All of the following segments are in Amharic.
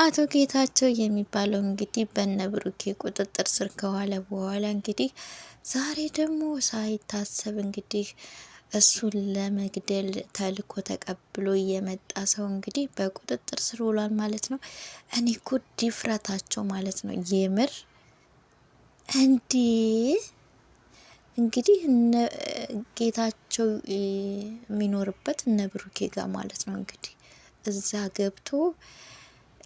አቶ ጌታቸው የሚባለው እንግዲህ በነ ብሩኬ ቁጥጥር ስር ከዋለ በኋላ እንግዲህ ዛሬ ደግሞ ሳይታሰብ እንግዲህ እሱን ለመግደል ተልኮ ተቀብሎ የመጣ ሰው እንግዲህ በቁጥጥር ስር ውሏል ማለት ነው። እኔ እኮ ድፍረታቸው ማለት ነው የምር እንዲህ እንግዲህ እነ ጌታቸው የሚኖርበት እነ ብሩኬ ጋር ማለት ነው እንግዲህ እዛ ገብቶ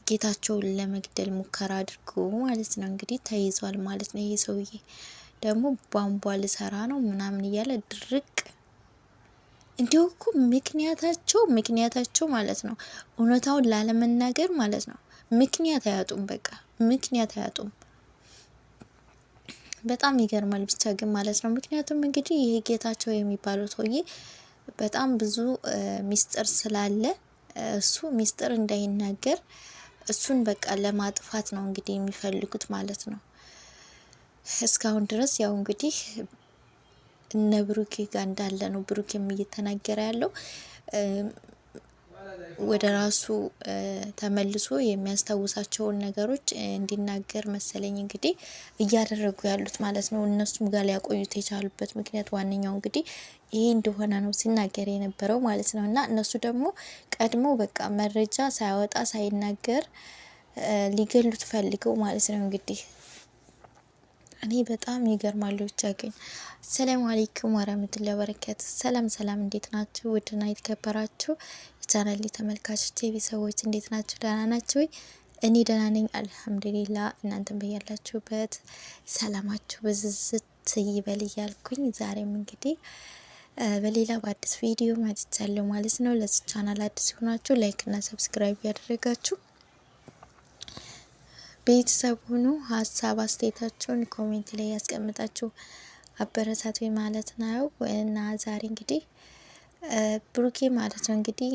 ጌታቸውን ለመግደል ሙከራ አድርጎ ማለት ነው እንግዲህ ተይዟል ማለት ነው። ይህ ሰውዬ ደግሞ ቧንቧ ልሰራ ነው ምናምን እያለ ድርቅ እንዲሁ እኮ ምክንያታቸው ምክንያታቸው ማለት ነው እውነታውን ላለመናገር ማለት ነው። ምክንያት አያጡም፣ በቃ ምክንያት አያጡም። በጣም ይገርማል ብቻ ግን ማለት ነው። ምክንያቱም እንግዲህ ይሄ ጌታቸው የሚባለው ሰውዬ በጣም ብዙ ሚስጥር ስላለ እሱ ሚስጥር እንዳይናገር እሱን በቃ ለማጥፋት ነው እንግዲህ የሚፈልጉት ማለት ነው። እስካሁን ድረስ ያው እንግዲህ እነ ብሩኬ ጋር እንዳለ ነው ብሩኬም እየተናገረ ያለው። ወደ ራሱ ተመልሶ የሚያስታውሳቸውን ነገሮች እንዲናገር መሰለኝ እንግዲህ እያደረጉ ያሉት ማለት ነው። እነሱም ጋር ሊያቆዩት የቻሉበት ምክንያት ዋነኛው እንግዲህ ይሄ እንደሆነ ነው ሲናገር የነበረው ማለት ነው። እና እነሱ ደግሞ ቀድሞ በቃ መረጃ ሳያወጣ ሳይናገር ሊገሉት ፈልገው ማለት ነው እንግዲህ እኔ በጣም ይገርማሉ ብቻ ግን። ሰላም አለይኩም ወራህመቱላሂ ወበረካቱ። ሰላም ሰላም፣ እንዴት ናችሁ? ውድና የተከበራችሁ የቻናሌ ቲቪ ሰዎች እንዴት ናቸው? ደህና ናቸው እኔ ደህና ነኝ አልሐምዱሊላ። እናንተም በያላችሁበት ሰላማችሁ ብዝዝት ይበል እያልኩኝ ዛሬም እንግዲህ በሌላ በአዲስ ቪዲዮ መጥቻለሁ ማለት ነው። ለዚህ ቻናል አዲስ ሆናችሁ ላይክና ሰብስክራይብ ያደረጋችሁ ቤተሰብ ሁኑ። ሀሳብ አስተያየታችሁን ኮሜንት ላይ ያስቀምጣችሁ አበረታቱ ማለት ነው እና ዛሬ እንግዲህ ብሩኬ ማለት ነው እንግዲህ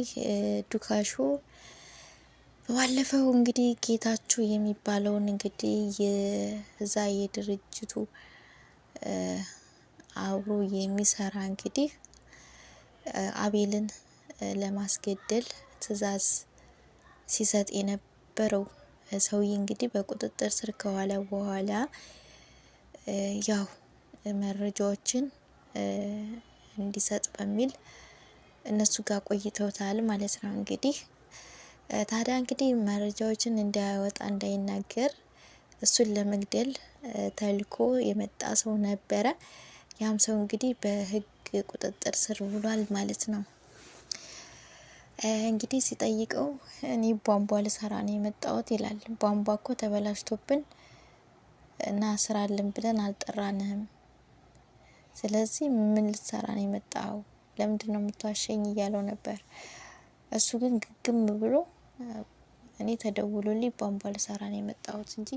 ዱካሾ ባለፈው እንግዲህ ጌታችሁ የሚባለውን እንግዲህ የዛ የድርጅቱ አብሮ የሚሰራ እንግዲህ አቤልን ለማስገደል ትዕዛዝ ሲሰጥ የነበረው ሰውዬ እንግዲህ በቁጥጥር ስር ከዋለ በኋላ ያው መረጃዎችን እንዲሰጥ በሚል እነሱ ጋር ቆይተውታል ማለት ነው። እንግዲህ ታዲያ እንግዲህ መረጃዎችን እንዳያወጣ እንዳይናገር እሱን ለመግደል ተልኮ የመጣ ሰው ነበረ። ያም ሰው እንግዲህ በህግ ቁጥጥር ስር ውሏል ማለት ነው። እንግዲህ ሲጠይቀው እኔ ቧንቧ ልሰራ ነው የመጣሁት ይላል። ቧንቧ እኮ ተበላሽቶብን እና ስራልን ብለን አልጠራንህም። ስለዚህ ምን ልትሰራ ነው የመጣው ለምንድን ነው የምትዋሸኝ እያለው ነበር። እሱ ግን ግግም ብሎ እኔ ተደውሎልኝ ቧንቧ ልሰራ ነው የመጣሁት እንጂ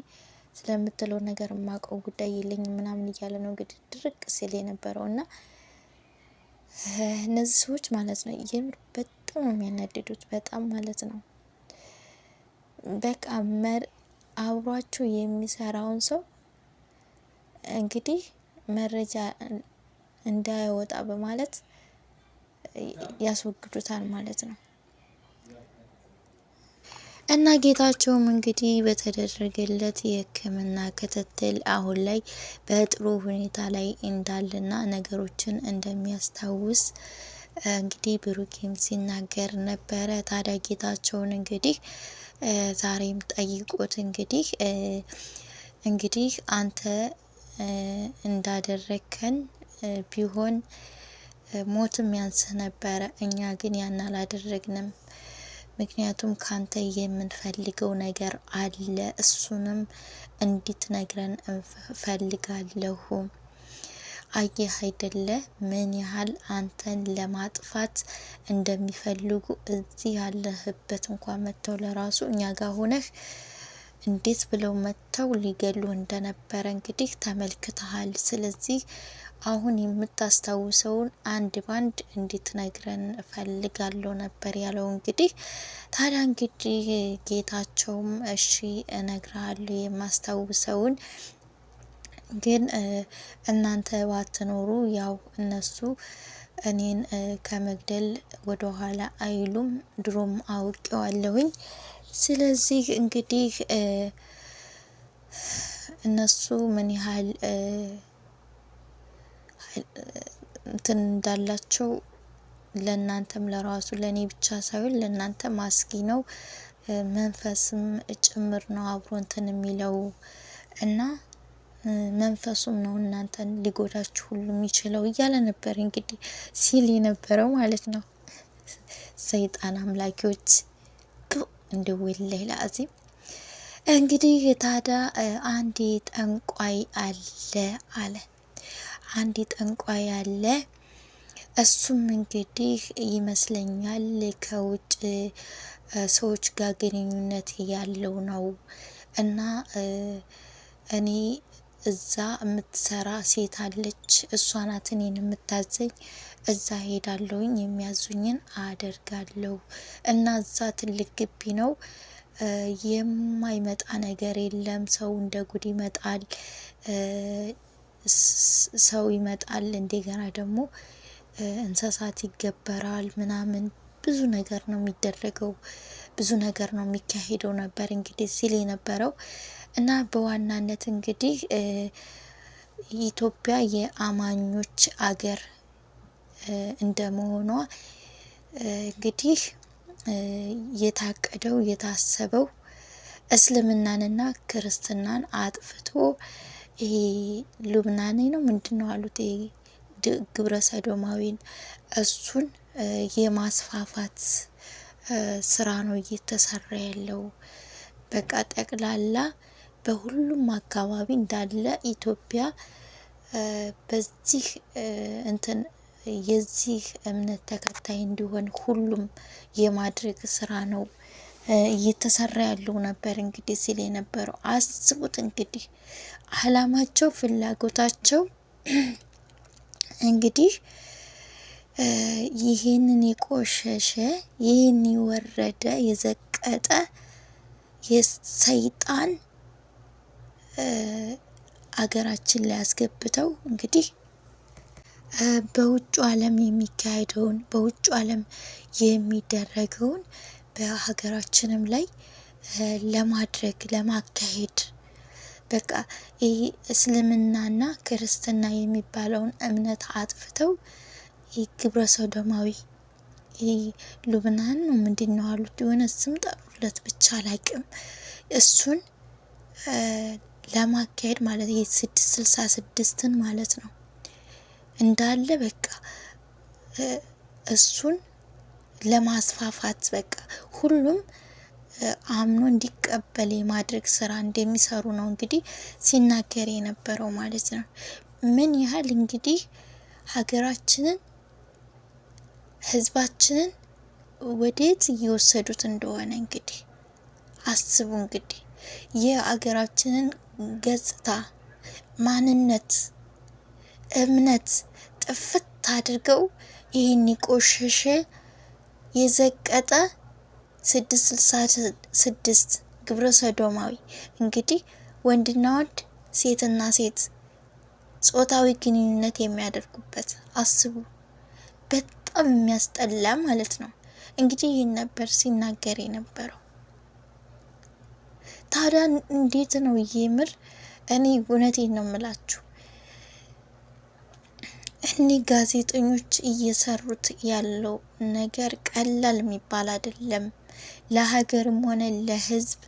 ስለምትለው ነገር የማውቀው ጉዳይ የለኝ ምናምን እያለ ነው እንግዲህ ድርቅ ሲል የነበረው እና እነዚህ ሰዎች ማለት ነው የምር በጣም ነው የሚያናድዱት። በጣም ማለት ነው በቃ መር አብሯችሁ የሚሰራውን ሰው እንግዲህ መረጃ እንዳይወጣ በማለት ያስወግዱታል ማለት ነው። እና ጌታቸውም እንግዲህ በተደረገለት የሕክምና ክትትል አሁን ላይ በጥሩ ሁኔታ ላይ እንዳለና ነገሮችን እንደሚያስታውስ እንግዲህ ብሩኬም ሲናገር ነበረ። ታዲያ ጌታቸውን እንግዲህ ዛሬም ጠይቆት እንግዲህ እንግዲህ አንተ እንዳደረግከን ቢሆን ሞትም ያንስህ ነበረ። እኛ ግን ያን አላደረግንም። ምክንያቱም ካንተ የምንፈልገው ነገር አለ፣ እሱንም እንድትነግረን እንፈልጋለሁ። አየህ አይደለ ምን ያህል አንተን ለማጥፋት እንደሚፈልጉ። እዚህ ያለህበት እንኳን መጥተው ለራሱ እኛ ጋር ሆነህ እንዴት ብለው መጥተው ሊገሉ እንደነበረ እንግዲህ ተመልክተሃል። ስለዚህ አሁን የምታስታውሰውን አንድ ባንድ እንድትነግረን እፈልጋለሁ ነበር ያለው። እንግዲህ ታዲያ እንግዲህ ጌታቸውም እሺ እነግርሃለሁ የማስታውሰውን ግን እናንተ ባትኖሩ ያው እነሱ እኔን ከመግደል ወደ ኋላ አይሉም፣ ድሮም አውቄዋለሁኝ። ስለዚህ እንግዲህ እነሱ ምን ያህል እንትን እንዳላቸው ለእናንተም ለራሱ ለእኔ ብቻ ሳይሆን ለእናንተ ማስጊ ነው፣ መንፈስም ጭምር ነው አብሮ እንትን የሚለው እና መንፈሱም ነው እናንተን ሊጎዳችሁ ሁሉ የሚችለው እያለ ነበር እንግዲህ ሲል የነበረው ማለት ነው። ሰይጣን አምላኪዎች እንደ ወላይ ለአዚም እንግዲህ ታዲያ አንድ ጠንቋይ አለ አለ አንድ ጠንቋይ ያለ እሱም እንግዲህ ይመስለኛል ከውጭ ሰዎች ጋር ግንኙነት ያለው ነው እና እኔ እዛ የምትሰራ ሴት አለች። እሷ ናት እኔን የምታዘኝ። እዛ ሄዳለሁኝ፣ የሚያዙኝን አደርጋለሁ እና እዛ ትልቅ ግቢ ነው። የማይመጣ ነገር የለም። ሰው እንደ ጉድ ይመጣል። ሰው ይመጣል፣ እንደገና ደግሞ እንስሳት ይገበራል ምናምን ብዙ ነገር ነው የሚደረገው፣ ብዙ ነገር ነው የሚካሄደው ነበር እንግዲህ ሲል የነበረው እና በዋናነት እንግዲህ ኢትዮጵያ የአማኞች አገር እንደመሆኗ እንግዲህ የታቀደው የታሰበው እስልምናንና ክርስትናን አጥፍቶ ይሄ ሉብናኔ ነው ምንድን ነው አሉት ግብረ ሰዶማዊን እሱን የማስፋፋት ስራ ነው እየተሰራ ያለው። በቃ ጠቅላላ በሁሉም አካባቢ እንዳለ ኢትዮጵያ በዚህ እንትን የዚህ እምነት ተከታይ እንዲሆን ሁሉም የማድረግ ስራ ነው እየተሰራ ያለው ነበር እንግዲህ ሲል የነበረው። አስቡት እንግዲህ አላማቸው ፍላጎታቸው እንግዲህ ይህንን የቆሸሸ ይህን የወረደ የዘቀጠ የሰይጣን አገራችን ላይ አስገብተው እንግዲህ በውጭ ዓለም የሚካሄደውን በውጭ ዓለም የሚደረገውን በሀገራችንም ላይ ለማድረግ ለማካሄድ በቃ ይህ እስልምናና ክርስትና የሚባለውን እምነት አጥፍተው ግብረ ሰዶማዊ ሉብናን ነው ምንድን ነው አሉት፣ የሆነ ስም ጠሩለት ብቻ አላቅም። እሱን ለማካሄድ ማለት ስድስት ስልሳ ስድስትን ማለት ነው እንዳለ በቃ እሱን ለማስፋፋት በቃ ሁሉም አምኖ እንዲቀበል የማድረግ ስራ እንደሚሰሩ ነው እንግዲህ ሲናገር የነበረው ማለት ነው። ምን ያህል እንግዲህ ሀገራችንን ህዝባችንን ወዴት እየወሰዱት እንደሆነ እንግዲህ አስቡ። እንግዲህ የሀገራችንን ገጽታ፣ ማንነት፣ እምነት ጥፍት አድርገው ይህን የቆሸሸ የዘቀጠ 666 ግብረ ሰዶማዊ እንግዲህ ወንድና ወንድ ሴትና ሴት ጾታዊ ግንኙነት የሚያደርጉበት አስቡ። በጣም የሚያስጠላ ማለት ነው። እንግዲህ ይህን ነበር ሲናገር የነበረው። ታዲያ እንዴት ነው የምር? እኔ እውነቴን ነው የምላችሁ እኒህ ጋዜጠኞች እየሰሩት ያለው ነገር ቀላል የሚባል አይደለም። ለሀገርም ሆነ ለሕዝብ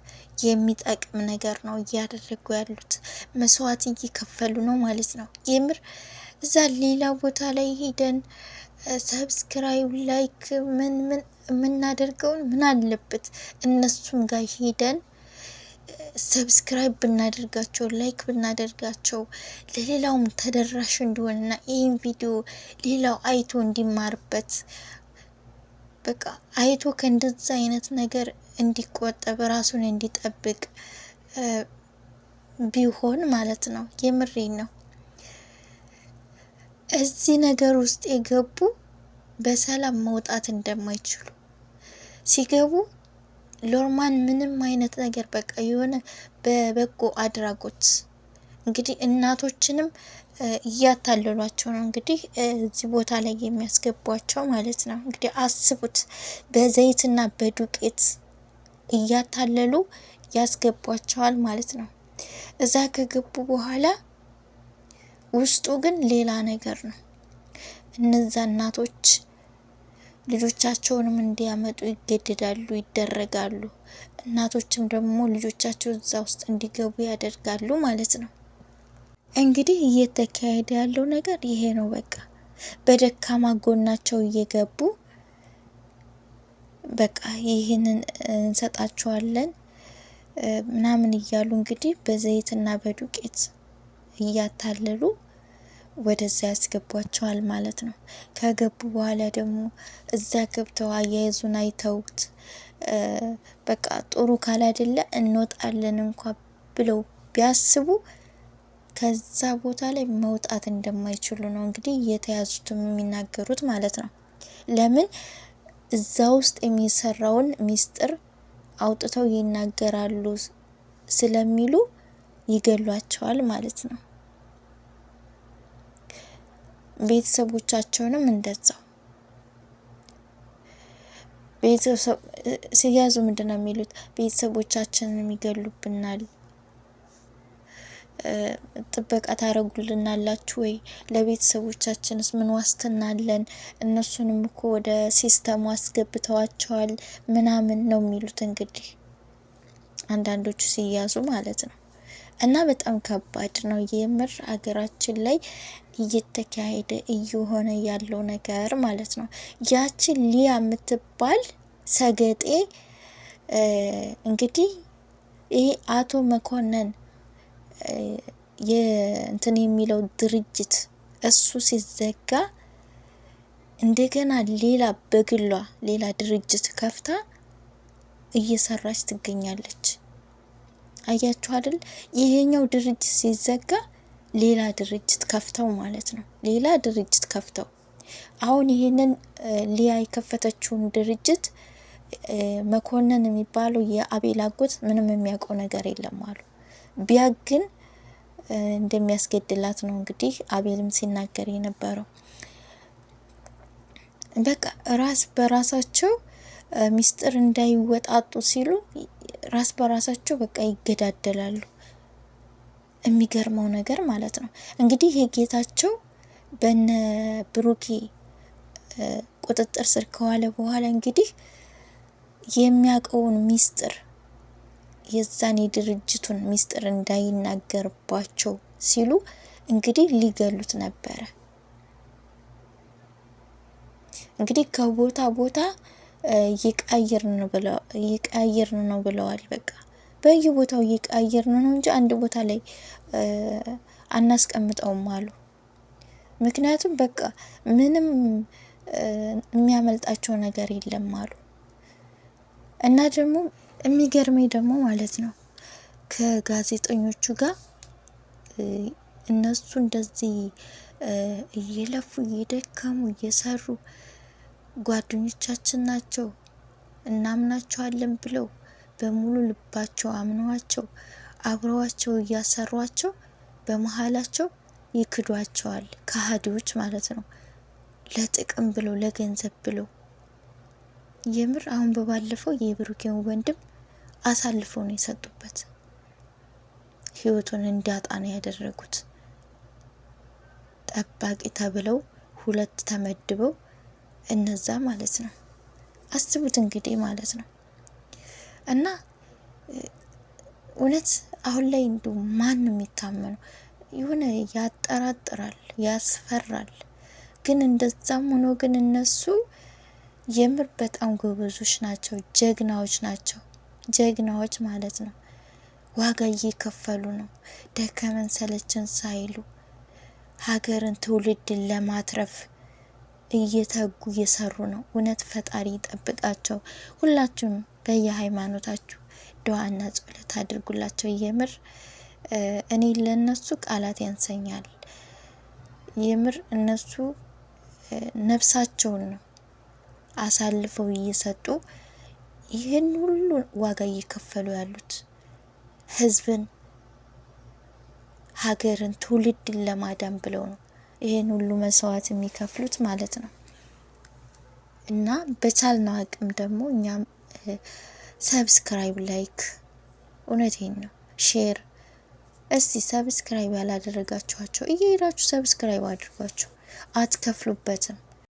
የሚጠቅም ነገር ነው እያደረጉ ያሉት። መስዋዕት እየከፈሉ ነው ማለት ነው። የምር እዛ ሌላ ቦታ ላይ ሄደን ሰብስክራይብ፣ ላይክ ምን ምን የምናደርገውን ምን አለበት እነሱም ጋር ሄደን ሰብስክራይብ ብናደርጋቸው ላይክ ብናደርጋቸው ለሌላውም ተደራሽ እንዲሆንና ይህን ቪዲዮ ሌላው አይቶ እንዲማርበት በቃ አይቶ ከእንደዛ አይነት ነገር እንዲቆጠብ ራሱን እንዲጠብቅ ቢሆን ማለት ነው። የምሬ ነው። እዚህ ነገር ውስጥ የገቡ በሰላም መውጣት እንደማይችሉ ሲገቡ ሎርማን ምንም አይነት ነገር በቃ የሆነ በበጎ አድራጎት እንግዲህ እናቶችንም እያታለሏቸው ነው እንግዲህ እዚህ ቦታ ላይ የሚያስገቧቸው ማለት ነው። እንግዲህ አስቡት በዘይትና በዱቄት እያታለሉ ያስገቧቸዋል ማለት ነው። እዛ ከገቡ በኋላ ውስጡ ግን ሌላ ነገር ነው። እነዛ እናቶች ልጆቻቸውንም እንዲያመጡ ይገደዳሉ፣ ይደረጋሉ። እናቶችም ደግሞ ልጆቻቸው እዛ ውስጥ እንዲገቡ ያደርጋሉ ማለት ነው። እንግዲህ እየተካሄደ ያለው ነገር ይሄ ነው። በቃ በደካማ ጎናቸው እየገቡ በቃ ይህንን እንሰጣቸዋለን ምናምን እያሉ እንግዲህ በዘይትና በዱቄት እያታለሉ ወደዛ ያስገቧቸዋል ማለት ነው። ከገቡ በኋላ ደግሞ እዛ ገብተው አያይዙን አይተውት በቃ ጥሩ ካላደለ እንወጣለን እንኳ ብለው ቢያስቡ ከዛ ቦታ ላይ መውጣት እንደማይችሉ ነው እንግዲህ እየተያዙትም የሚናገሩት ማለት ነው። ለምን እዛ ውስጥ የሚሰራውን ሚስጥር አውጥተው ይናገራሉ ስለሚሉ ይገሏቸዋል ማለት ነው። ቤተሰቦቻቸውንም እንደዛው ሲያዙ ምንድን ነው የሚሉት? ቤተሰቦቻችንን ይገሉብናል፣ ጥበቃ ታደርጉልናላችሁ ወይ? ለቤተሰቦቻችንስ ምን ዋስትና አለን? እነሱንም እኮ ወደ ሲስተሙ አስገብተዋቸዋል ምናምን ነው የሚሉት። እንግዲህ አንዳንዶቹ ሲያዙ ማለት ነው። እና በጣም ከባድ ነው የምር አገራችን ላይ እየተካሄደ እየሆነ ያለው ነገር ማለት ነው። ያችን ሊያ የምትባል ሰገጤ እንግዲህ ይሄ አቶ መኮንን እንትን የሚለው ድርጅት እሱ ሲዘጋ እንደገና ሌላ በግሏ ሌላ ድርጅት ከፍታ እየሰራች ትገኛለች። አያችሁ አይደል? ይሄኛው ድርጅት ሲዘጋ ሌላ ድርጅት ከፍተው ማለት ነው። ሌላ ድርጅት ከፍተው አሁን ይሄንን ሊያ የከፈተችውን ድርጅት መኮንን የሚባለው የአቤል አጎት ምንም የሚያውቀው ነገር የለም አሉ። ቢያ ግን እንደሚያስገድላት ነው እንግዲህ አቤልም ሲናገር የነበረው። በቃ ራስ በራሳቸው ሚስጥር እንዳይወጣጡ ሲሉ ራስ በራሳቸው በቃ ይገዳደላሉ። የሚገርመው ነገር ማለት ነው እንግዲህ ይሄ ጌታቸው በነ ብሩኬ ቁጥጥር ስር ከዋለ በኋላ እንግዲህ የሚያውቀውን ሚስጥር የዛን የድርጅቱን ሚስጥር እንዳይናገርባቸው ሲሉ እንግዲህ ሊገሉት ነበረ። እንግዲህ ከቦታ ቦታ ይቀያየርን ነው ብለዋል። በቃ በየቦታው እየቀያየርን ነው እንጂ አንድ ቦታ ላይ አናስቀምጠውም አሉ። ምክንያቱም በቃ ምንም የሚያመልጣቸው ነገር የለም አሉ። እና ደግሞ የሚገርመኝ ደግሞ ማለት ነው ከጋዜጠኞቹ ጋር እነሱ እንደዚህ እየለፉ እየደከሙ እየሰሩ ጓደኞቻችን ናቸው እናምናቸዋለን ብለው በሙሉ ልባቸው አምነዋቸው አብረዋቸው እያሰሯቸው በመሀላቸው ይክዷቸዋል። ከሀዲዎች ማለት ነው። ለጥቅም ብለው ለገንዘብ ብለው የምር አሁን በባለፈው የብሩኬን ወንድም አሳልፈው ነው የሰጡበት። ህይወቱን እንዲያጣ ነው ያደረጉት። ጠባቂ ተብለው ሁለት ተመድበው እነዛ ማለት ነው። አስቡት እንግዲህ ማለት ነው እና እውነት አሁን ላይ እንዲ ማን የሚታመነው የሆነ ያጠራጥራል፣ ያስፈራል። ግን እንደዛም ሆኖ ግን እነሱ የምር በጣም ጎበዞች ናቸው፣ ጀግናዎች ናቸው። ጀግናዎች ማለት ነው። ዋጋ እየከፈሉ ነው፣ ደከመን ሰለችን ሳይሉ ሀገርን፣ ትውልድን ለማትረፍ እየተጉ እየሰሩ ነው። እውነት ፈጣሪ ይጠብቃቸው። ሁላችሁም በየሃይማኖታችሁ ድዋና ጸሎት አድርጉላቸው። የምር እኔ ለነሱ ቃላት ያንሰኛል። የምር እነሱ ነፍሳቸውን ነው አሳልፈው እየሰጡ ይህን ሁሉ ዋጋ እየከፈሉ ያሉት ህዝብን፣ ሀገርን፣ ትውልድን ለማዳን ብለው ነው። ይሄን ሁሉ መስዋዕት የሚከፍሉት ማለት ነው። እና በቻልና አቅም ደግሞ እኛም ሰብስክራይብ፣ ላይክ እውነቴን ነው ሼር። እስቲ ሰብስክራይብ ያላደረጋችኋቸው እየሄዳችሁ ሰብስክራይብ አድርጓቸው፣ አትከፍሉበትም።